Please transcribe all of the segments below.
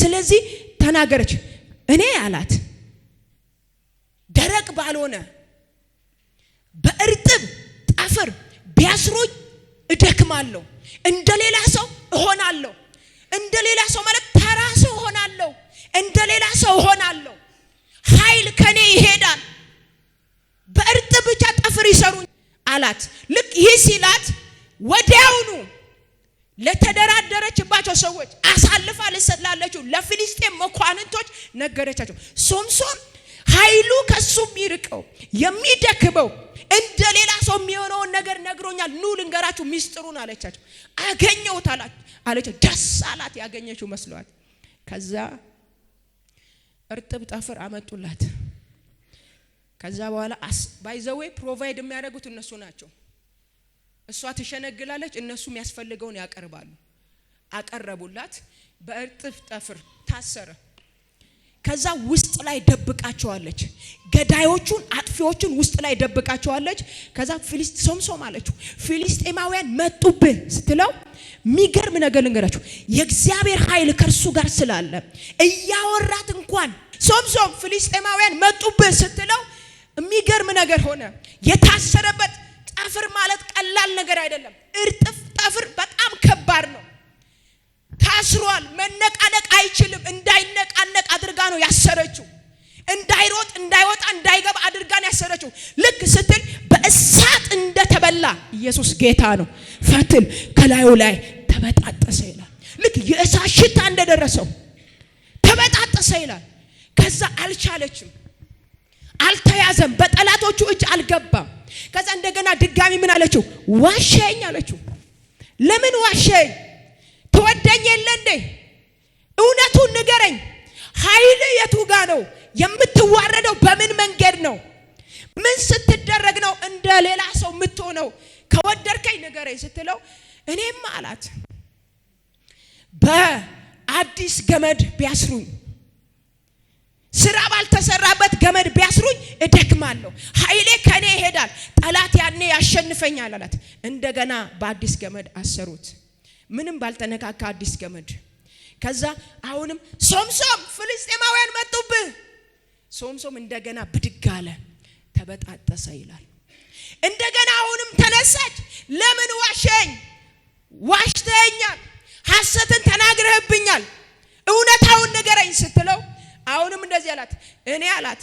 ስለዚህ ተናገረች። እኔ አላት ደረቅ ባልሆነ በእርጥብ ጠፍር ቢያስሩኝ እደክማለሁ፣ እንደ ሌላ ሰው እሆናለሁ። እንደ ሌላ ሰው ማለት ተራ ሰው እሆናለሁ፣ እንደ ሌላ ሰው እሆናለሁ። ኃይል ከኔ ይሄዳል። በእርጥብ ብቻ ጠፍር ይሰሩኝ አላት። ልክ ይህ ሲላት ወዲያውኑ ለተደራደረችባቸው ሰዎች አሳልፋ ልሰጥላለችው ለፊሊስጤም መኳንንቶች ነገረቻቸው። ሶምሶን ኃይሉ ከሱ የሚርቀው የሚደክመው እንደ ሌላ ሰው የሚሆነውን ነገር ነግሮኛል። ኑ ልንገራችሁ ሚስጥሩን አለቻቸው። አገኘሁት አለቸው። ደስ አላት፣ ያገኘችው መስሏት። ከዛ እርጥብ ጠፍር አመጡላት። ከዛ በኋላ ባይዘዌ ፕሮቫይድ የሚያደርጉት እነሱ ናቸው። እሷ ትሸነግላለች፣ እነሱ የሚያስፈልገውን ያቀርባሉ። አቀረቡላት፣ በእርጥፍ ጠፍር ታሰረ። ከዛ ውስጥ ላይ ደብቃቸዋለች። ገዳዮቹን አጥፊዎቹን ውስጥ ላይ ደብቃቸዋለች። ከዛ ፊሊስ ሶምሶም አለችው ፊሊስጤማውያን መጡብህ ስትለው ሚገርም ነገር ልንገራችሁ፣ የእግዚአብሔር ኃይል ከእርሱ ጋር ስላለ እያወራት እንኳን ሶምሶም ፊሊስጤማውያን መጡብህ ስትለው የሚገርም ነገር ሆነ። የታሰረበት ጠፍር ማለት ቀላል ነገር አይደለም። እርጥፍ ጠፍር በጣም ከባድ ነው። ታስሯል። መነቃነቅ አይችልም። እንዳይነቃነቅ አድርጋ ነው ያሰረችው። እንዳይሮጥ፣ እንዳይወጣ፣ እንዳይገባ አድርጋ ነው ያሰረችው። ልክ ስትል በእሳት እንደተበላ ኢየሱስ ጌታ ነው። ፈትል ከላዩ ላይ ተበጣጠሰ ይላል። ልክ የእሳት ሽታ እንደደረሰው ተበጣጠሰ ይላል። ከዛ አልቻለችም። አልተያዘም፣ በጠላቶቹ እጅ አልገባም። ከዛ እንደገና ድጋሚ ምን አለችው? ዋሸኝ አለችው። ለምን ዋሸኝ? ትወደኝ የለ እንዴ? እውነቱን ንገረኝ። ኃይል የቱ ጋ ነው? የምትዋረደው በምን መንገድ ነው? ምን ስትደረግ ነው እንደ ሌላ ሰው የምትሆነው? ከወደድከኝ ንገረኝ ስትለው እኔም አላት በአዲስ ገመድ ቢያስሩኝ ስራ ባልተሰራበት ገመድ ቢያስሩኝ እደክማለሁ፣ ኃይሌ ከኔ ይሄዳል፣ ጠላት ያኔ ያሸንፈኛል አላት። እንደገና በአዲስ ገመድ አሰሩት፣ ምንም ባልተነካካ አዲስ ገመድ። ከዛ አሁንም ሶምሶም ፍልስጤማውያን መጡብህ። ሶምሶም እንደገና ብድግ አለ፣ ተበጣጠሰ ይላል። እንደገና አሁንም ተነሳች። ለምን ዋሸኝ? ዋሽተኛል፣ ሐሰትን ተናግረህብኛል፣ እውነታውን ንገረኝ ስትለው አሁንም እንደዚህ አላት፣ እኔ አላት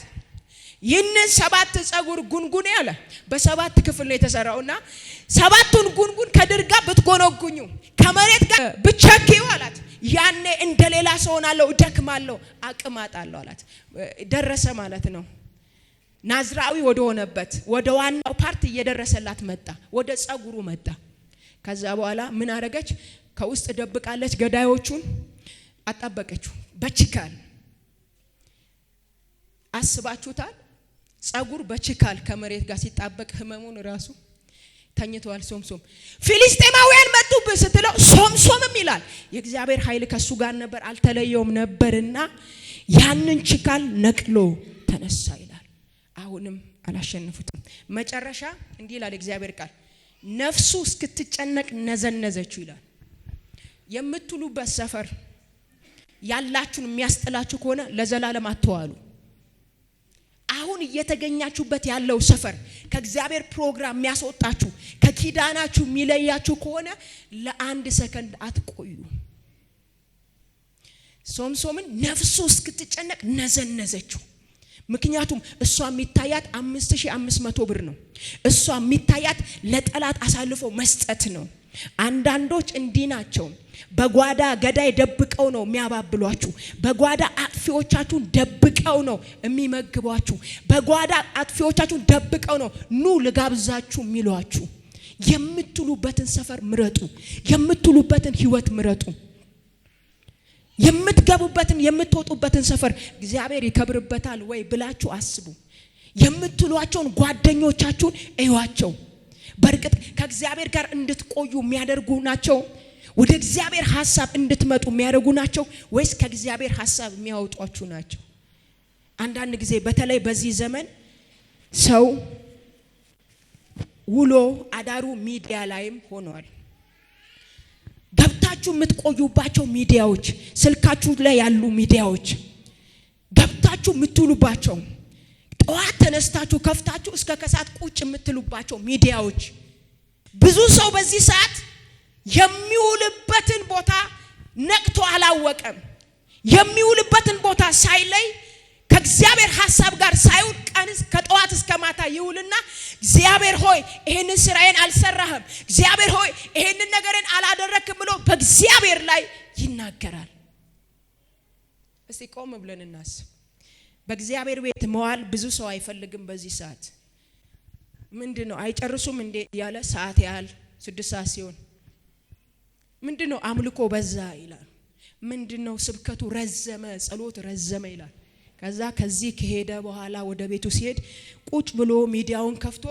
ይህንን ሰባት ጸጉር ጉንጉኔ አለ በሰባት ክፍል ነው የተሰራውና ሰባቱን ጉንጉን ከድርጋ ብትጎነጉኙ ከመሬት ጋር ብቸኪው አላት። ያኔ እንደ ሌላ ሰው ሆናለሁ፣ እደክማለሁ፣ አቅም አጣለሁ አላት። ደረሰ ማለት ነው። ናዝራዊ ወደ ሆነበት ወደ ዋናው ፓርት እየደረሰላት መጣ፣ ወደ ጸጉሩ መጣ። ከዛ በኋላ ምን አረገች? ከውስጥ ደብቃለች፣ ገዳዮቹን አጣበቀችው በችካል አስባችሁታል? ጸጉር በችካል ከመሬት ጋር ሲጣበቅ ህመሙን ራሱ ተኝተዋል። ሶምሶም ፊሊስጤማውያን መጡብህ ስትለው ሶምሶምም ይላል የእግዚአብሔር ኃይል ከሱ ጋር ነበር፣ አልተለየውም ነበርና ያንን ችካል ነቅሎ ተነሳ ይላል። አሁንም አላሸነፉትም። መጨረሻ እንዲህ ይላል እግዚአብሔር ቃል ነፍሱ እስክትጨነቅ ነዘነዘችው ይላል። የምትሉበት ሰፈር ያላችሁን የሚያስጥላችሁ ከሆነ ለዘላለም አትዋሉ። አሁን እየተገኛችሁበት ያለው ሰፈር ከእግዚአብሔር ፕሮግራም የሚያስወጣችሁ ከኪዳናችሁ የሚለያችሁ ከሆነ ለአንድ ሰከንድ አትቆዩ። ሶምሶምን ነፍሱ እስክትጨነቅ ነዘነዘችው። ምክንያቱም እሷ የሚታያት አምስት ሺህ አምስት መቶ ብር ነው። እሷ የሚታያት ለጠላት አሳልፎ መስጠት ነው። አንዳንዶች እንዲህ ናቸው። በጓዳ ገዳይ ደብቀው ነው የሚያባብሏችሁ። በጓዳ አጥፊዎቻችሁን ደብቀው ነው የሚመግቧችሁ። በጓዳ አጥፊዎቻችሁን ደብቀው ነው ኑ ልጋብዛችሁ የሚሏችሁ። የምትሉበትን ሰፈር ምረጡ። የምትሉበትን ህይወት ምረጡ። የምትገቡበትን የምትወጡበትን ሰፈር እግዚአብሔር ይከብርበታል ወይ ብላችሁ አስቡ። የምትሏቸውን ጓደኞቻችሁን እዩዋቸው። በእርግጥ ከእግዚአብሔር ጋር እንድትቆዩ የሚያደርጉ ናቸው? ወደ እግዚአብሔር ሀሳብ እንድትመጡ የሚያደርጉ ናቸው? ወይስ ከእግዚአብሔር ሀሳብ የሚያወጧችሁ ናቸው? አንዳንድ ጊዜ በተለይ በዚህ ዘመን ሰው ውሎ አዳሩ ሚዲያ ላይም ሆኗል። ገብታችሁ የምትቆዩባቸው ሚዲያዎች፣ ስልካችሁ ላይ ያሉ ሚዲያዎች ገብታችሁ የምትውሉባቸው ጠዋት ተነስታችሁ ከፍታችሁ እስከ ከሳት ቁጭ የምትሉባቸው ሚዲያዎች ብዙ ሰው በዚህ ሰዓት የሚውልበትን ቦታ ነቅቶ አላወቀም። የሚውልበትን ቦታ ሳይለይ ከእግዚአብሔር ሀሳብ ጋር ሳይውል ቀን ከጠዋት እስከ ማታ ይውልና እግዚአብሔር ሆይ ይሄንን ስራዬን አልሰራህም፣ እግዚአብሔር ሆይ ይሄንን ነገርን አላደረክም ብሎ በእግዚአብሔር ላይ ይናገራል። እስቲ ቆም ብለን እናስብ። በእግዚአብሔር ቤት መዋል ብዙ ሰው አይፈልግም። በዚህ ሰዓት ምንድን ነው አይጨርሱም እንዴ እያለ ሰዓት ያህል ስድስት ሰዓት ሲሆን ምንድን ነው አምልኮ በዛ ይላል። ምንድን ነው ስብከቱ ረዘመ፣ ጸሎት ረዘመ ይላል። ከዛ ከዚህ ከሄደ በኋላ ወደ ቤቱ ሲሄድ ቁጭ ብሎ ሚዲያውን ከፍቶ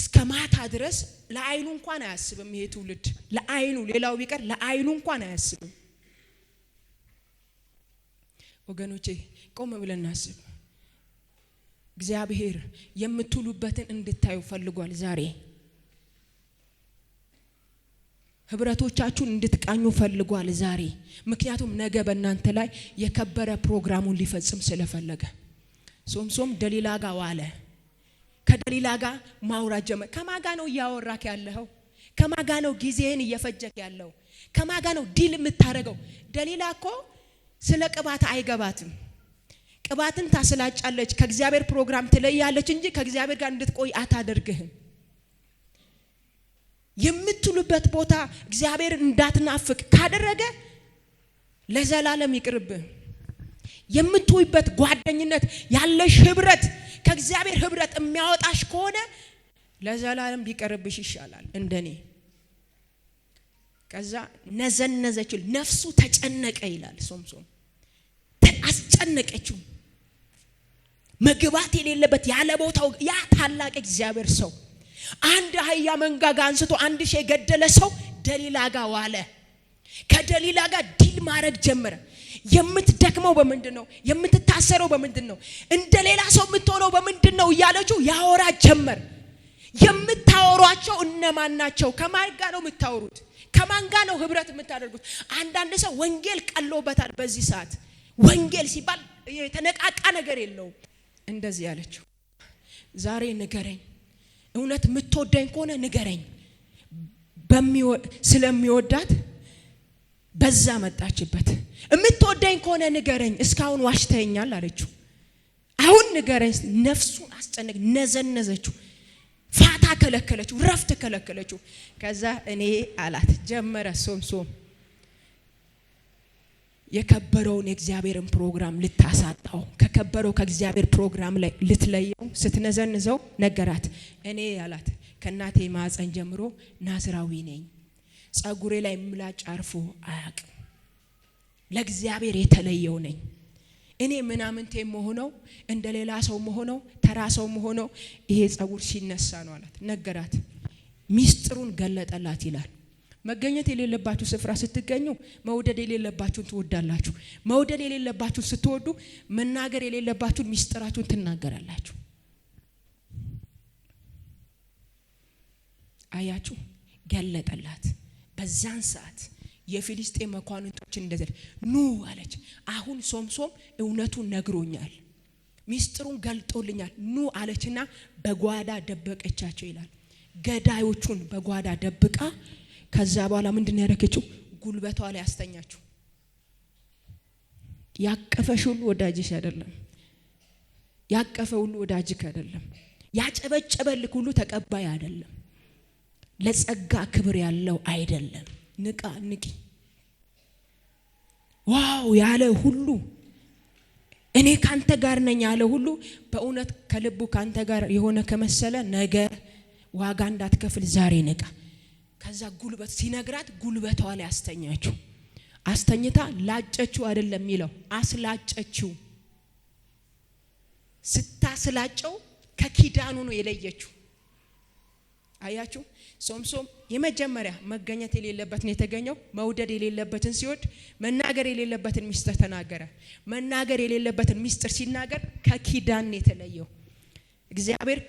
እስከ ማታ ድረስ ለአይኑ እንኳን አያስብም። ይሄ ትውልድ ለአይኑ ሌላው ቢቀር ለአይኑ እንኳን አያስብም ወገኖቼ ቆም ብለን እናስብ። እግዚአብሔር የምትውሉበትን እንድታዩ ፈልጓል። ዛሬ ህብረቶቻችሁን እንድትቃኙ ፈልጓል። ዛሬ ምክንያቱም ነገ በእናንተ ላይ የከበረ ፕሮግራሙን ሊፈጽም ስለፈለገ ሶምሶም ደሊላ ጋ ዋለ። ከደሊላ ጋር ማውራት ጀመር። ከማጋ ነው እያወራክ ያለኸው? ከማጋ ነው ጊዜህን እየፈጀክ ያለው? ከማጋ ነው ዲል የምታደርገው? ደሊላ እኮ ስለ ቅባት አይገባትም። ቅባትን ታስላጫለች፣ ከእግዚአብሔር ፕሮግራም ትለያለች እንጂ ከእግዚአብሔር ጋር እንድትቆይ አታደርግህም። የምትሉበት ቦታ እግዚአብሔር እንዳትናፍቅ ካደረገ ለዘላለም ይቅርብህ። የምትውይበት ጓደኝነት ያለሽ ህብረት ከእግዚአብሔር ህብረት የሚያወጣሽ ከሆነ ለዘላለም ቢቀርብሽ ይሻላል። እንደኔ ከዛ ነዘነዘችል ነፍሱ ተጨነቀ ይላል ሶምሶም አስጨነቀችው። መግባት የሌለበት ያለ ቦታው ያ ታላቅ እግዚአብሔር ሰው አንድ አህያ መንጋጋ አንስቶ አንድ ሺህ የገደለ ሰው ደሊላ ጋር ዋለ። ከደሊላ ጋር ዲል ማድረግ ጀመረ። የምትደክመው በምንድን ነው? የምትታሰረው በምንድን ነው? እንደ ሌላ ሰው የምትሆነው በምንድን ነው? እያለችው ያወራ ጀመር። የምታወሯቸው እነማን ናቸው? ከማን ጋር ነው የምታወሩት? ከማን ጋር ነው ህብረት የምታደርጉት? አንዳንድ ሰው ወንጌል ቀሎበታል። በዚህ ሰዓት ወንጌል ሲባል የተነቃቃ ነገር የለውም። እንደዚህ አለችው፣ ዛሬ ንገረኝ፣ እውነት የምትወደኝ ከሆነ ንገረኝ። ስለሚወዳት በዛ መጣችበት። የምትወደኝ ከሆነ ንገረኝ፣ እስካሁን ዋሽተኛል አለችው። አሁን ንገረኝ። ነፍሱን አስጨነቅ፣ ነዘነዘችው፣ ፋታ ከለከለችው፣ ረፍት ከለከለችው። ከዛ እኔ አላት ጀመረ ሶም ሶም የከበረውን የእግዚአብሔርን ፕሮግራም ልታሳጣው ከከበረው ከእግዚአብሔር ፕሮግራም ላይ ልትለየው ስትነዘንዘው ነገራት። እኔ ያላት ከእናቴ ማፀን ጀምሮ ናዝራዊ ነኝ፣ ጸጉሬ ላይ ምላጭ አርፎ አያቅም፣ ለእግዚአብሔር የተለየው ነኝ። እኔ ምናምንቴ መሆነው እንደ ሌላ ሰው መሆነው ተራ ሰው መሆነው ይሄ ጸጉር ሲነሳ ነው አላት። ነገራት፣ ሚስጥሩን ገለጠላት ይላል መገኘት የሌለባችሁ ስፍራ ስትገኙ መውደድ የሌለባችሁን ትወዳላችሁ። መውደድ የሌለባችሁን ስትወዱ መናገር የሌለባችሁን ሚስጥራችሁን ትናገራላችሁ። አያችሁ፣ ገለጠላት። በዛን ሰዓት የፊሊስጤ መኳንንቶች እንደዘለ ኑ አለች። አሁን ሶምሶም እውነቱን ነግሮኛል፣ ሚስጥሩን ገልጦልኛል፣ ኑ አለችና በጓዳ ደበቀቻቸው ይላል። ገዳዮቹን በጓዳ ደብቃ ከዛ በኋላ ምንድን ያደረገችው ጉልበቷ ላይ ያስተኛችው። ያቀፈሽ ሁሉ ወዳጅሽ አይደለም። ያቀፈ ሁሉ ወዳጅክ አይደለም። ያጨበጨበልክ ሁሉ ተቀባይ አይደለም። ለጸጋ ክብር ያለው አይደለም። ንቃ፣ ንቂ። ዋው ያለ ሁሉ እኔ ካንተ ጋር ነኝ ያለ ሁሉ በእውነት ከልቡ ካንተ ጋር የሆነ ከመሰለ ነገ ዋጋ እንዳትከፍል ዛሬ ንቃ። ከዛ ጉልበት ሲነግራት ጉልበቷ ላይ አስተኛችው። አስተኝታ ላጨችው አይደለም የሚለው አስላጨችው። ስታስላጨው ከኪዳኑ ነው የለየችው። አያችሁ፣ ሶምሶም የመጀመሪያ መገኘት የሌለበትን የተገኘው መውደድ የሌለበትን ሲወድ፣ መናገር የሌለበትን ሚስጥር ተናገረ። መናገር የሌለበትን ሚስጥር ሲናገር ከኪዳን የተለየው እግዚአብሔር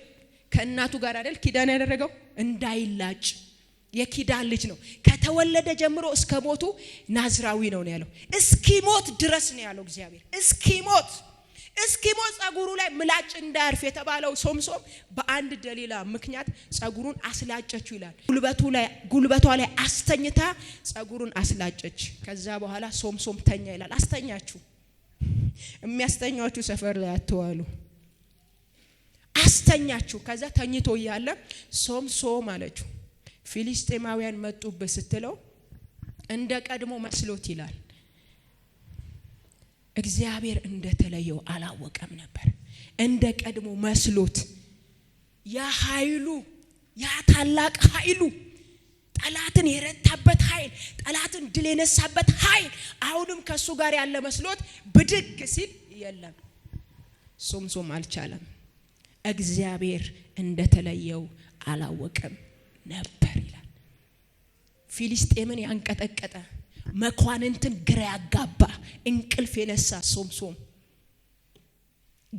ከእናቱ ጋር አይደል ኪዳን ያደረገው እንዳይላጭ የኪዳን ልጅ ነው። ከተወለደ ጀምሮ እስከ ሞቱ ናዝራዊ ነው ነው ያለው። እስኪ ሞት ድረስ ነው ያለው እግዚአብሔር። እስኪ ሞት እስኪ ሞት ጸጉሩ ላይ ምላጭ እንዳያርፍ የተባለው ሶምሶም በአንድ ደሊላ ምክንያት ጸጉሩን አስላጨች ይላል። ጉልበቷ ላይ አስተኝታ ጸጉሩን አስላጨች። ከዛ በኋላ ሶምሶም ተኛ ይላል። አስተኛችሁ የሚያስተኛችሁ ሰፈር ላይ አትዋሉ። አስተኛችሁ። ከዛ ተኝቶ እያለ ሶምሶም አለችው ፊሊስጤማውያን መጡብህ ስትለው እንደ ቀድሞ መስሎት ይላል። እግዚአብሔር እንደተለየው አላወቀም ነበር። እንደ ቀድሞ መስሎት ያ ኃይሉ ያ ታላቅ ኃይሉ ጠላትን የረታበት ኃይል ጠላትን ድል የነሳበት ኃይል አሁንም ከእሱ ጋር ያለ መስሎት ብድግ ሲል የለም፣ ሶምሶም አልቻለም። እግዚአብሔር እንደተለየው አላወቀም። ነበር ይላል። ፊሊስጤምን ያንቀጠቀጠ መኳንንትን ግራ ያጋባ እንቅልፍ የነሳ ሶምሶም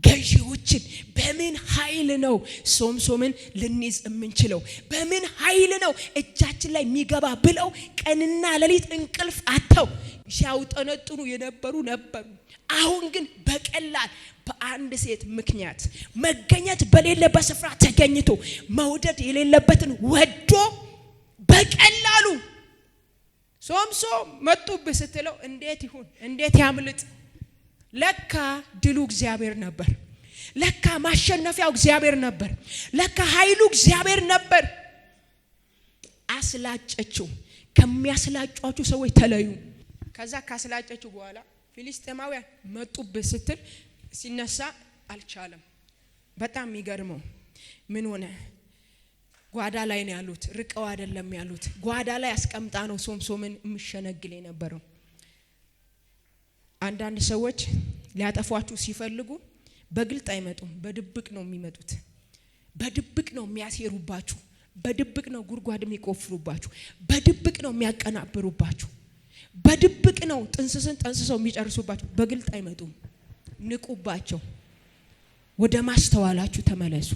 ገዢዎችን በምን ኃይል ነው ሶምሶምን ልንይዝ የምንችለው? በምን ኃይል ነው እጃችን ላይ የሚገባ ብለው ቀንና ሌሊት እንቅልፍ አተው ሲያውጠነጥኑ የነበሩ ነበሩ። አሁን ግን በቀላል በአንድ ሴት ምክንያት መገኘት በሌለበት ስፍራ ተገኝቶ መውደድ የሌለበትን ወዶ በቀላሉ ሶምሶም መጡብህ ስትለው እንዴት ይሁን? እንዴት ያምልጥ? ለካ ድሉ እግዚአብሔር ነበር። ለካ ማሸነፊያው እግዚአብሔር ነበር። ለካ ኃይሉ እግዚአብሔር ነበር። አስላጨችው። ከሚያስላጯችሁ ሰዎች ተለዩ። ከዛ ካስላጨችው በኋላ ፊሊስጤማውያን መጡብህ ስትል ሲነሳ አልቻለም። በጣም የሚገርመው ምን ሆነ? ጓዳ ላይ ነው ያሉት፣ ርቀው አይደለም ያሉት። ጓዳ ላይ አስቀምጣ ነው ሶምሶምን የምሸነግል የነበረው አንዳንድ ሰዎች ሊያጠፏችሁ ሲፈልጉ በግልጥ አይመጡም፣ በድብቅ ነው የሚመጡት። በድብቅ ነው የሚያሴሩባችሁ፣ በድብቅ ነው ጉድጓድ የሚቆፍሩባችሁ፣ በድብቅ ነው የሚያቀናብሩባችሁ፣ በድብቅ ነው ጥንስስን ጠንስሰው የሚጨርሱባችሁ። በግልጥ አይመጡም። ንቁባቸው። ወደ ማስተዋላችሁ ተመለሱ።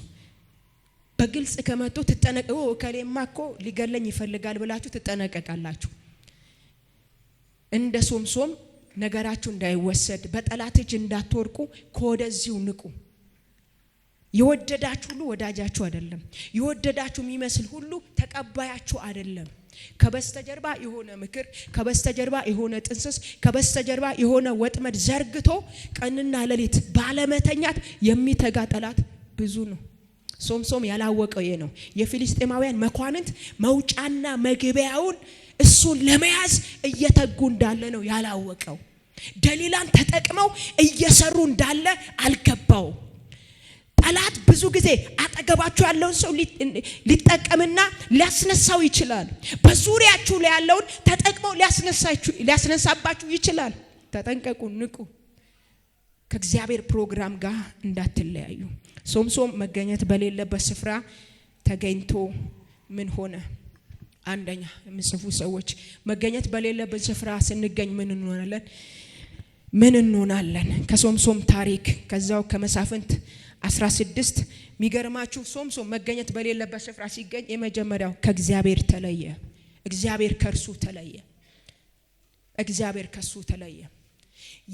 በግልጽ ከመጡ ትጠነቀ እከሌማ እኮ ሊገለኝ ይፈልጋል ብላችሁ ትጠነቀቃላችሁ። እንደ ሶምሶም ነገራችሁ እንዳይወሰድ በጠላት እጅ እንዳትወርቁ ከወደዚሁ ንቁ። የወደዳችሁ ሁሉ ወዳጃችሁ አይደለም። የወደዳችሁ የሚመስል ሁሉ ተቀባያችሁ አይደለም። ከበስተጀርባ የሆነ ምክር፣ ከበስተጀርባ የሆነ ጥንስስ፣ ከበስተጀርባ የሆነ ወጥመድ ዘርግቶ ቀንና ሌሊት ባለመተኛት የሚተጋ ጠላት ብዙ ነው። ሶምሶም ያላወቀው ይሄ ነው። የፊሊስጤማውያን መኳንንት መውጫና መግቢያውን እሱን ለመያዝ እየተጉ እንዳለ ነው ያላወቀው። ደሊላን ተጠቅመው እየሰሩ እንዳለ አልገባው ጠላት ብዙ ጊዜ አጠገባችሁ ያለውን ሰው ሊጠቀምና ሊያስነሳው ይችላል። በዙሪያችሁ ላይ ያለውን ተጠቅመው ሊያስነሳባችሁ ይችላል። ተጠንቀቁ፣ ንቁ። ከእግዚአብሔር ፕሮግራም ጋር እንዳትለያዩ። ሶምሶም መገኘት በሌለበት ስፍራ ተገኝቶ ምን ሆነ? አንደኛ የምጽፉ ሰዎች መገኘት በሌለበት ስፍራ ስንገኝ ምን እንሆናለን? ምን እንሆናለን? ከሶምሶም ታሪክ ከዛው ከመሳፍንት 16 የሚገርማችሁ ሶምሶም መገኘት በሌለበት ስፍራ ሲገኝ የመጀመሪያው ከእግዚአብሔር ተለየ። እግዚአብሔር ከእርሱ ተለየ። እግዚአብሔር ከእሱ ተለየ።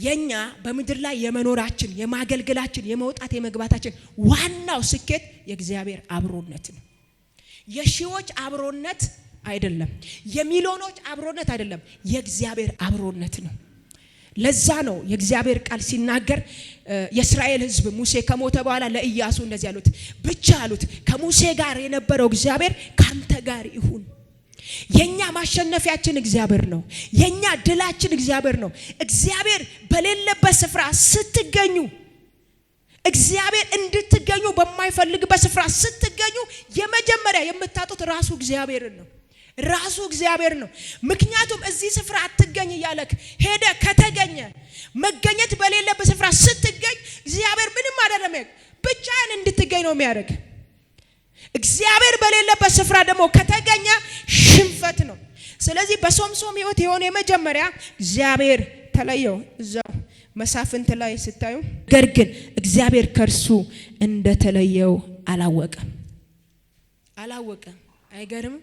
የኛ በምድር ላይ የመኖራችን የማገልገላችን የመውጣት የመግባታችን ዋናው ስኬት የእግዚአብሔር አብሮነት ነው። የሺዎች አብሮነት አይደለም፣ የሚሊዮኖች አብሮነት አይደለም፣ የእግዚአብሔር አብሮነት ነው። ለዛ ነው የእግዚአብሔር ቃል ሲናገር የእስራኤል ሕዝብ ሙሴ ከሞተ በኋላ ለኢያሱ እንደዚህ ያሉት ብቻ አሉት ከሙሴ ጋር የነበረው እግዚአብሔር ካንተ ጋር ይሁን። የኛ ማሸነፊያችን እግዚአብሔር ነው። የኛ ድላችን እግዚአብሔር ነው። እግዚአብሔር በሌለበት ስፍራ ስትገኙ እግዚአብሔር እንድትገኙ በማይፈልግበት ስፍራ ስትገኙ የመጀመሪያ የምታጡት ራሱ እግዚአብሔርን ነው። ራሱ እግዚአብሔር ነው። ምክንያቱም እዚህ ስፍራ አትገኝ እያለክ ሄደ ከተገኘ መገኘት በሌለበት ስፍራ ስትገኝ እግዚአብሔር ምንም አይደለም፣ ብቻህን እንድትገኝ ነው የሚያደርግ። እግዚአብሔር በሌለበት ስፍራ ደግሞ ከተገኘ ሽንፈት ነው። ስለዚህ በሶምሶም ህይወት የሆነ የመጀመሪያ እግዚአብሔር ተለየው እዛው መሳፍንት ላይ ስታዩ፣ ነገር ግን እግዚአብሔር ከእርሱ እንደተለየው አላወቀም አላወቀም። አይገርምም?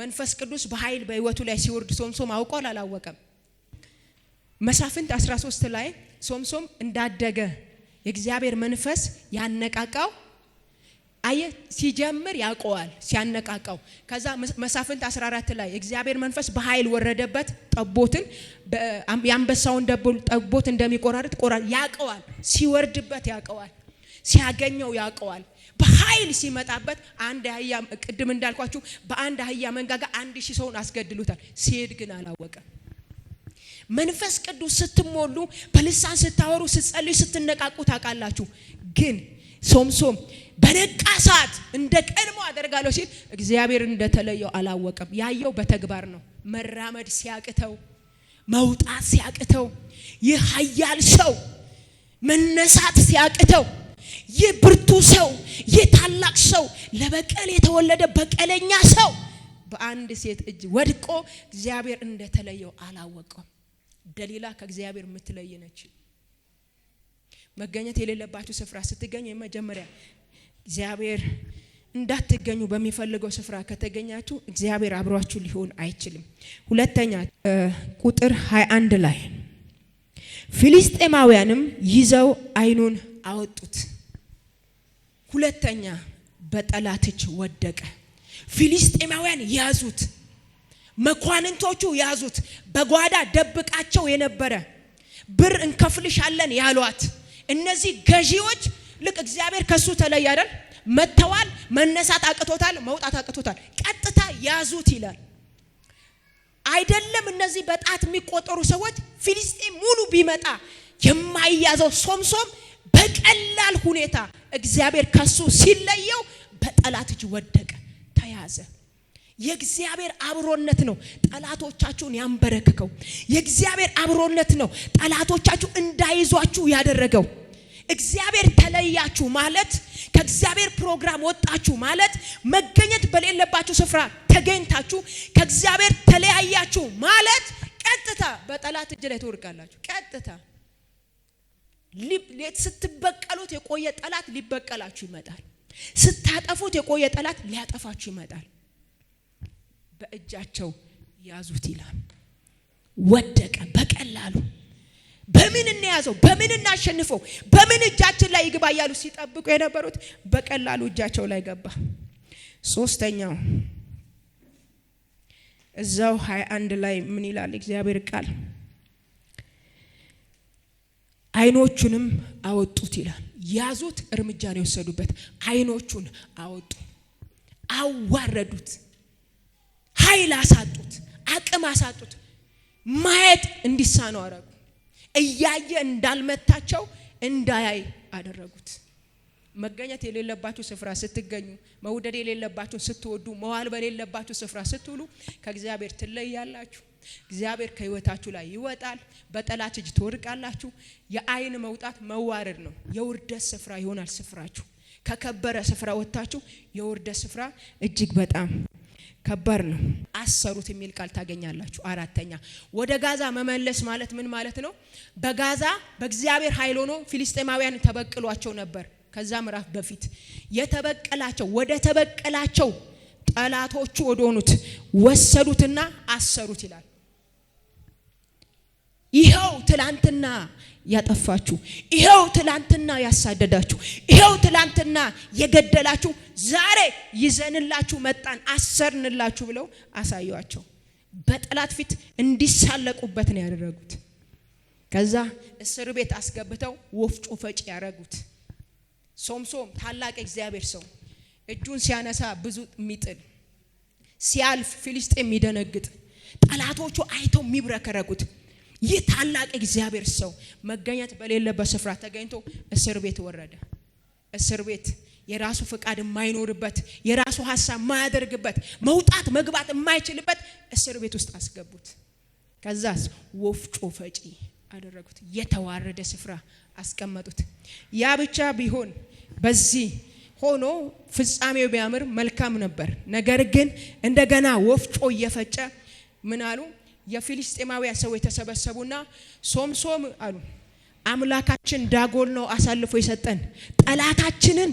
መንፈስ ቅዱስ በኃይል በህይወቱ ላይ ሲወርድ ሶምሶም አውቋል አላወቀም? መሳፍንት 13 ላይ ሶምሶም እንዳደገ የእግዚአብሔር መንፈስ ያነቃቃው አየ ሲጀምር ያውቀዋል ሲያነቃቃው። ከዛ መሳፍንት 14 ላይ እግዚአብሔር መንፈስ በኃይል ወረደበት፣ ጠቦትን የአንበሳውን ጠቦት እንደሚቆራርጥ ቆራርጥ ያውቀዋል። ሲወርድበት ያውቀዋል፣ ሲያገኘው ያውቀዋል። በኃይል ሲመጣበት አንድ አህያ ቅድም እንዳልኳችሁ በአንድ አህያ መንጋጋ አንድ ሺህ ሰውን አስገድሉታል። ሲሄድ ግን አላወቀም። መንፈስ ቅዱስ ስትሞሉ፣ በልሳን ስታወሩ፣ ስትጸልዩ፣ ስትነቃቁ ታውቃላችሁ። ግን ሶምሶም በነቃ ሰዓት እንደ ቀድሞ አደርጋለሁ ሲል እግዚአብሔር እንደተለየው አላወቀም። ያየው በተግባር ነው። መራመድ ሲያቅተው፣ መውጣት ሲያቅተው፣ ይህ ኃያል ሰው መነሳት ሲያቅተው ይህ ብርቱ ሰው፣ ይህ ታላቅ ሰው፣ ለበቀል የተወለደ በቀለኛ ሰው በአንድ ሴት እጅ ወድቆ እግዚአብሔር እንደተለየው አላወቀም። ደሊላ ከእግዚአብሔር የምትለይ ነች። መገኘት የሌለባችሁ ስፍራ ስትገኙ የመጀመሪያ እግዚአብሔር እንዳትገኙ በሚፈልገው ስፍራ ከተገኛችሁ እግዚአብሔር አብሯችሁ ሊሆን አይችልም። ሁለተኛ ቁጥር 21 ላይ ፊልስጤማውያንም ይዘው አይኑን አወጡት። ሁለተኛ በጠላት እጅ ወደቀ። ፊሊስጤማውያን ያዙት፣ መኳንንቶቹ ያዙት። በጓዳ ደብቃቸው የነበረ ብር እንከፍልሻለን ያሏት እነዚህ ገዢዎች ልክ እግዚአብሔር ከሱ ተለየ አይደል? መጥተዋል። መነሳት አቅቶታል፣ መውጣት አቅቶታል። ቀጥታ ያዙት ይላል አይደለም። እነዚህ በጣት የሚቆጠሩ ሰዎች ፊሊስጤም ሙሉ ቢመጣ የማይያዘው ሶምሶም በቀላል ሁኔታ እግዚአብሔር ከሱ ሲለየው በጠላት እጅ ወደቀ፣ ተያዘ። የእግዚአብሔር አብሮነት ነው ጠላቶቻችሁን ያንበረክከው። የእግዚአብሔር አብሮነት ነው ጠላቶቻችሁ እንዳይዟችሁ ያደረገው። እግዚአብሔር ተለያችሁ ማለት ከእግዚአብሔር ፕሮግራም ወጣችሁ ማለት መገኘት በሌለባችሁ ስፍራ ተገኝታችሁ ከእግዚአብሔር ተለያያችሁ ማለት ቀጥታ በጠላት እጅ ላይ ትወድቃላችሁ። ቀጥታ ስትበቀሉት የቆየ ጠላት ሊበቀላችሁ ይመጣል። ስታጠፉት የቆየ ጠላት ሊያጠፋችሁ ይመጣል። በእጃቸው ያዙት ይላል። ወደቀ በቀላሉ በምን እንያዘው? በምን እናሸንፈው? በምን እጃችን ላይ ይግባ እያሉ ሲጠብቁ የነበሩት በቀላሉ እጃቸው ላይ ገባ። ሶስተኛው እዛው ሀያ አንድ ላይ ምን ይላል እግዚአብሔር ቃል አይኖቹንም አወጡት ይላል። ያዙት፣ እርምጃ ነው የወሰዱበት። አይኖቹን አወጡ፣ አዋረዱት፣ ኃይል አሳጡት፣ አቅም አሳጡት። ማየት እንዲሳነው አረጉ። እያየ እንዳልመታቸው እንዳያይ አደረጉት። መገኘት የሌለባችሁ ስፍራ ስትገኙ፣ መውደድ የሌለባችሁ ስትወዱ፣ መዋል በሌለባችሁ ስፍራ ስትውሉ ከእግዚአብሔር ትለያላችሁ። እግዚአብሔር ከህይወታችሁ ላይ ይወጣል። በጠላት እጅ ትወድቃላችሁ። የአይን መውጣት መዋረድ ነው። የውርደት ስፍራ ይሆናል ስፍራችሁ። ከከበረ ስፍራ ወጥታችሁ የውርደት ስፍራ እጅግ በጣም ከባድ ነው። አሰሩት የሚል ቃል ታገኛላችሁ። አራተኛ ወደ ጋዛ መመለስ ማለት ምን ማለት ነው? በጋዛ በእግዚአብሔር ኃይል ሆኖ ፊልስጤማውያን ተበቅሏቸው ነበር። ከዛ ምዕራፍ በፊት የተበቀላቸው ወደ ተበቀላቸው ጠላቶቹ ወደ ሆኑት ወሰዱትና አሰሩት ይላል። ይኸው ትላንትና ያጠፋችሁ፣ ይኸው ትላንትና ያሳደዳችሁ፣ ይኸው ትላንትና የገደላችሁ ዛሬ ይዘንላችሁ መጣን አሰርንላችሁ ብለው አሳዩአቸው። በጠላት ፊት እንዲሳለቁበት ነው ያደረጉት። ከዛ እስር ቤት አስገብተው ወፍጮ ፈጭ ያደረጉት። ሶምሶም ታላቅ እግዚአብሔር ሰው እጁን ሲያነሳ ብዙ የሚጥል ሲያልፍ ፊልስጤም የሚደነግጥ ጠላቶቹ አይተው የሚብረከረጉት ይህ ታላቅ እግዚአብሔር ሰው መገኘት በሌለበት ስፍራ ተገኝቶ እስር ቤት ወረደ። እስር ቤት የራሱ ፍቃድ የማይኖርበት የራሱ ሀሳብ የማያደርግበት መውጣት መግባት የማይችልበት እስር ቤት ውስጥ አስገቡት። ከዛስ ወፍጮ ፈጪ አደረጉት። የተዋረደ ስፍራ አስቀመጡት። ያ ብቻ ቢሆን በዚህ ሆኖ ፍጻሜው ቢያምር መልካም ነበር። ነገር ግን እንደገና ወፍጮ እየፈጨ ምን አሉ? የፊልስጤማዊ ሰዎች የተሰበሰቡና ሶምሶም አሉ አምላካችን ዳጎል ነው አሳልፎ የሰጠን ጠላታችንን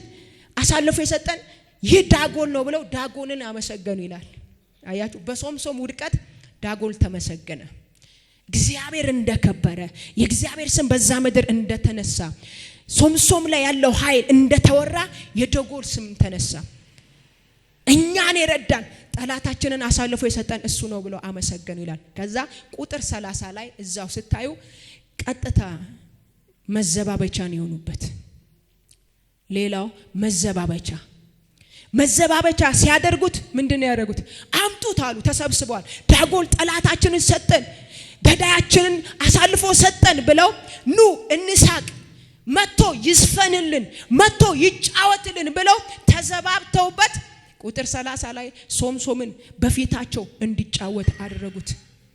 አሳልፎ የሰጠን ይህ ዳጎን ነው ብለው ዳጎንን አመሰገኑ ይላል። አያችሁ፣ በሶምሶም ውድቀት ዳጎን ተመሰገነ። እግዚአብሔር እንደከበረ የእግዚአብሔር ስም በዛ ምድር እንደተነሳ ሶምሶም ላይ ያለው ኃይል እንደተወራ የዳጎል ስም ተነሳ። እኛን የረዳን ጠላታችንን አሳልፎ የሰጠን እሱ ነው ብለው አመሰገኑ ይላል። ከዛ ቁጥር ሰላሳ ላይ እዛው ስታዩ ቀጥታ መዘባበቻን የሆኑበት ሌላው መዘባበቻ መዘባበቻ ሲያደርጉት ምንድን ነው ያደረጉት? አምጡት አሉ። ተሰብስበዋል። ዳጎል ጠላታችንን ሰጠን፣ ገዳያችንን አሳልፎ ሰጠን ብለው ኑ እንሳቅ፣ መጥቶ ይዝፈንልን፣ መጥቶ ይጫወትልን ብለው ተዘባብተውበት ቁጥር ሰላሳ ላይ ሶምሶምን በፊታቸው እንዲጫወት አደረጉት።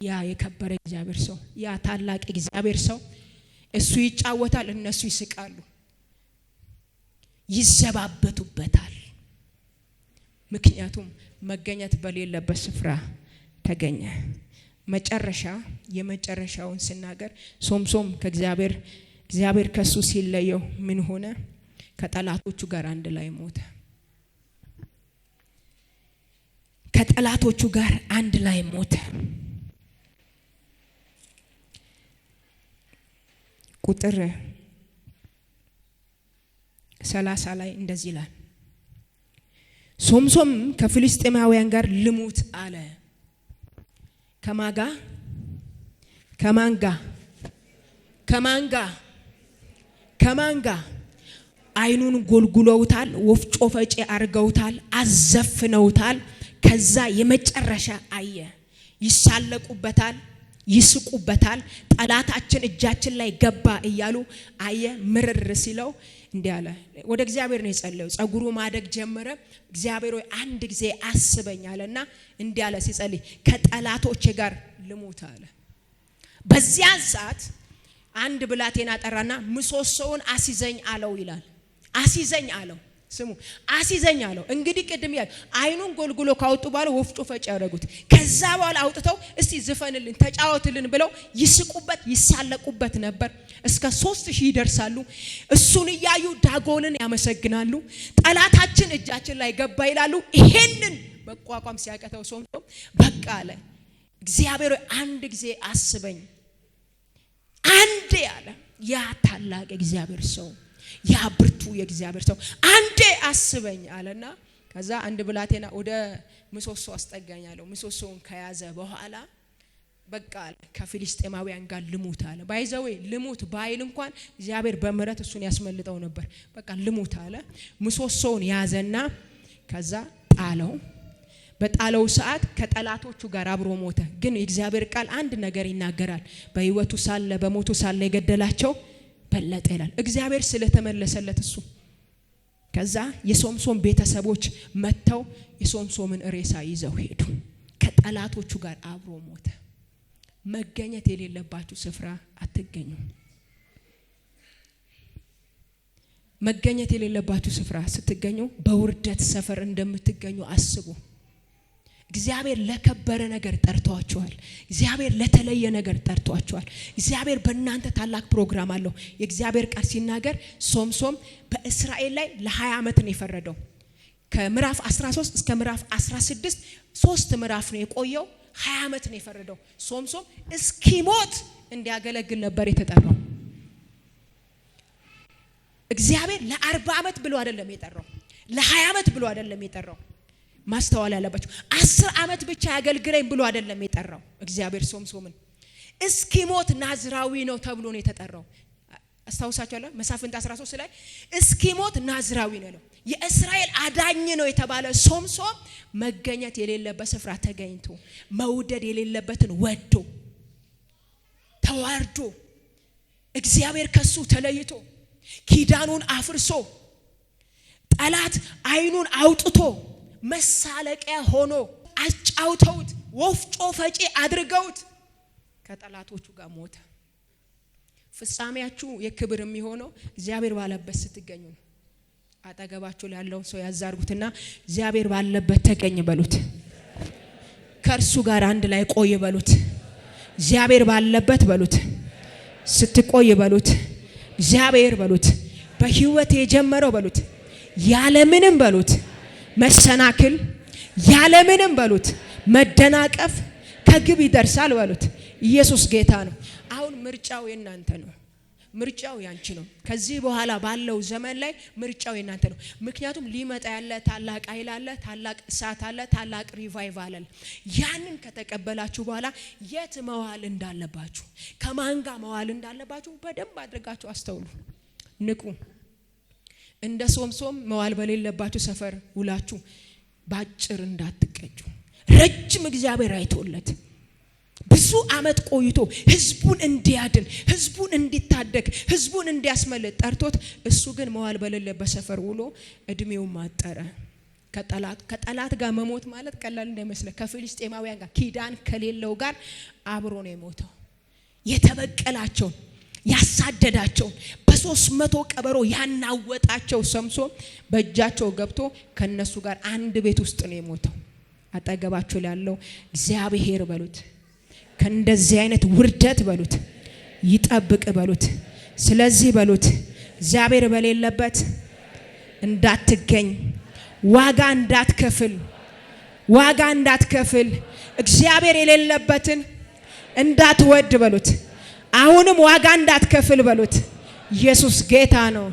ያ የከበረ እግዚአብሔር ሰው፣ ያ ታላቅ እግዚአብሔር ሰው እሱ ይጫወታል፣ እነሱ ይስቃሉ፣ ይዘባበቱበታል። ምክንያቱም መገኘት በሌለበት ስፍራ ተገኘ። መጨረሻ የመጨረሻውን ስናገር ሶምሶም ከእግዚአብሔር እግዚአብሔር ከሱ ሲለየው ምን ሆነ? ከጠላቶቹ ጋር አንድ ላይ ሞተ። ከጠላቶቹ ጋር አንድ ላይ ሞተ። ቁጥር ሰላሳ ላይ እንደዚህ ይላል። ሶምሶም ከፍልስጤማውያን ጋር ልሙት አለ። ከማጋ ከማንጋ ከማንጋ ከማንጋ አይኑን ጎልጉለውታል፣ ወፍጮ ፈጪ አርገውታል፣ አዘፍነውታል። ከዛ የመጨረሻ አየ። ይሳለቁበታል፣ ይስቁበታል። ጠላታችን እጃችን ላይ ገባ እያሉ አየ። ምርር ሲለው እንዲህ አለ። ወደ እግዚአብሔር ነው የጸለየው። ጸጉሩ ማደግ ጀመረ። እግዚአብሔር ሆይ አንድ ጊዜ አስበኝ አለና እንዲህ አለ ሲጸልይ፣ ከጠላቶቼ ጋር ልሙት አለ። በዚያን ሰዓት አንድ ብላቴና ጠራና ምሰሶውን አሲዘኝ አለው ይላል። አሲዘኝ አለው ስሙ አስይዘኝ አለው። እንግዲህ ቅድም ያል አይኑን ጎልጉሎ ካወጡ በኋላ ወፍጮ ፈጭ ያደረጉት። ከዛ በኋላ አውጥተው እስቲ ዝፈንልን፣ ተጫወትልን ብለው ይስቁበት፣ ይሳለቁበት ነበር። እስከ ሶስት ሺህ ይደርሳሉ። እሱን እያዩ ዳጎንን ያመሰግናሉ። ጠላታችን እጃችን ላይ ገባ ይላሉ። ይሄንን መቋቋም ሲያቀተው ሶምሶን በቃ አለ፣ እግዚአብሔር አንድ ጊዜ አስበኝ አንዴ አለ ያ ታላቅ እግዚአብሔር ሰው ያ ብርቱ የእግዚአብሔር ሰው አንዴ አስበኝ አለና ከዛ አንድ ብላቴና ወደ ምሰሶ አስጠጋኛለሁ። ምሰሶውን ከያዘ በኋላ በቃ አለ ከፊልስጤማውያን ጋር ልሙት አለ። ባይዘዌ ልሙት ባይል እንኳን እግዚአብሔር በምሕረት እሱን ያስመልጠው ነበር። በቃ ልሙት አለ። ምሰሶውን ያዘና ከዛ ጣለው። በጣለው ሰዓት ከጠላቶቹ ጋር አብሮ ሞተ። ግን የእግዚአብሔር ቃል አንድ ነገር ይናገራል። በህይወቱ ሳለ በሞቱ ሳለ የገደላቸው በለጠ ይላል። እግዚአብሔር ስለተመለሰለት እሱ ከዛ የሶምሶን ቤተሰቦች መጥተው የሶምሶምን ሬሳ ይዘው ሄዱ። ከጠላቶቹ ጋር አብሮ ሞተ። መገኘት የሌለባችሁ ስፍራ አትገኙ። መገኘት የሌለባችሁ ስፍራ ስትገኙ በውርደት ሰፈር እንደምትገኙ አስቡ። እግዚአብሔር ለከበረ ነገር ጠርቷቸዋል። እግዚአብሔር ለተለየ ነገር ጠርቷቸዋል። እግዚአብሔር በእናንተ ታላቅ ፕሮግራም አለው። የእግዚአብሔር ቃል ሲናገር ሶምሶም በእስራኤል ላይ ለ20 ዓመት ነው የፈረደው። ከምዕራፍ 13 እስከ ምዕራፍ 16 ሶስት ምዕራፍ ነው የቆየው። 20 ዓመት ነው የፈረደው። ሶምሶም እስኪሞት እንዲያገለግል ነበር የተጠራው። እግዚአብሔር ለ40 ዓመት ብሎ አይደለም የጠራው፣ ለ20 ዓመት ብሎ አይደለም የጠራው ማስተዋል ያለባቸው። አስር ዓመት ብቻ ያገልግለኝ ብሎ አይደለም የጠራው እግዚአብሔር ሶምሶምን እስኪሞት ናዝራዊ ነው ተብሎ ነው የተጠራው። አስታውሳቸዋለሁ መሳፍንት 13 ላይ እስኪሞት ናዝራዊ ነው ነው የእስራኤል አዳኝ ነው የተባለ ሶምሶም መገኘት የሌለበት ስፍራ ተገኝቶ መውደድ የሌለበትን ወዶ ተዋርዶ እግዚአብሔር ከሱ ተለይቶ ኪዳኑን አፍርሶ ጠላት አይኑን አውጥቶ መሳለቂያ ሆኖ አጫውተውት ወፍጮ ፈጪ አድርገውት ከጠላቶቹ ጋር ሞተ። ፍጻሜያችሁ የክብር የሚሆነው እግዚአብሔር ባለበት ስትገኙ ነው። አጠገባችሁ ላለውን ሰው ያዛርጉትና እግዚአብሔር ባለበት ተገኝ በሉት። ከእርሱ ጋር አንድ ላይ ቆይ በሉት። እግዚአብሔር ባለበት በሉት። ስትቆይ በሉት። እግዚአብሔር በሉት በህይወት የጀመረው በሉት ያለምንም በሉት መሰናክል ያለምንም በሉት መደናቀፍ ከግብ ይደርሳል በሉት። ኢየሱስ ጌታ ነው። አሁን ምርጫው የናንተ ነው። ምርጫው ያንቺ ነው። ከዚህ በኋላ ባለው ዘመን ላይ ምርጫው የናንተ ነው። ምክንያቱም ሊመጣ ያለ ታላቅ ኃይል አለ፣ ታላቅ እሳት አለ፣ ታላቅ ሪቫይቭ አለ። ያንን ከተቀበላችሁ በኋላ የት መዋል እንዳለባችሁ፣ ከማን ጋር መዋል እንዳለባችሁ በደንብ አድርጋችሁ አስተውሉ፣ ንቁ። እንደ ሶምሶም መዋል በሌለባችሁ ሰፈር ውላችሁ ባጭር እንዳትቀጩ። ረጅም እግዚአብሔር አይቶለት ብዙ አመት ቆይቶ ህዝቡን እንዲያድን ህዝቡን እንዲታደግ ህዝቡን እንዲያስመልጥ ጠርቶት እሱ ግን መዋል በሌለበት ሰፈር ውሎ እድሜውን ማጠረ። ከጠላት ጋር መሞት ማለት ቀላል እንዳይመስለ ከፊልስጤማውያን ጋር ኪዳን ከሌለው ጋር አብሮ ነው የሞተው የተበቀላቸውን ያሳደዳቸውን በሶስት መቶ ቀበሮ ያናወጣቸው ሰምሶን በእጃቸው ገብቶ ከነሱ ጋር አንድ ቤት ውስጥ ነው የሞተው። አጠገባችሁ ላለው እግዚአብሔር በሉት ከእንደዚህ አይነት ውርደት በሉት ይጠብቅ በሉት። ስለዚህ በሉት እግዚአብሔር በሌለበት እንዳትገኝ ዋጋ እንዳትከፍል ዋጋ እንዳትከፍል እግዚአብሔር የሌለበትን እንዳትወድ በሉት። አሁንም ዋጋ እንዳትከፍል በሉት። ኢየሱስ ጌታ ነው።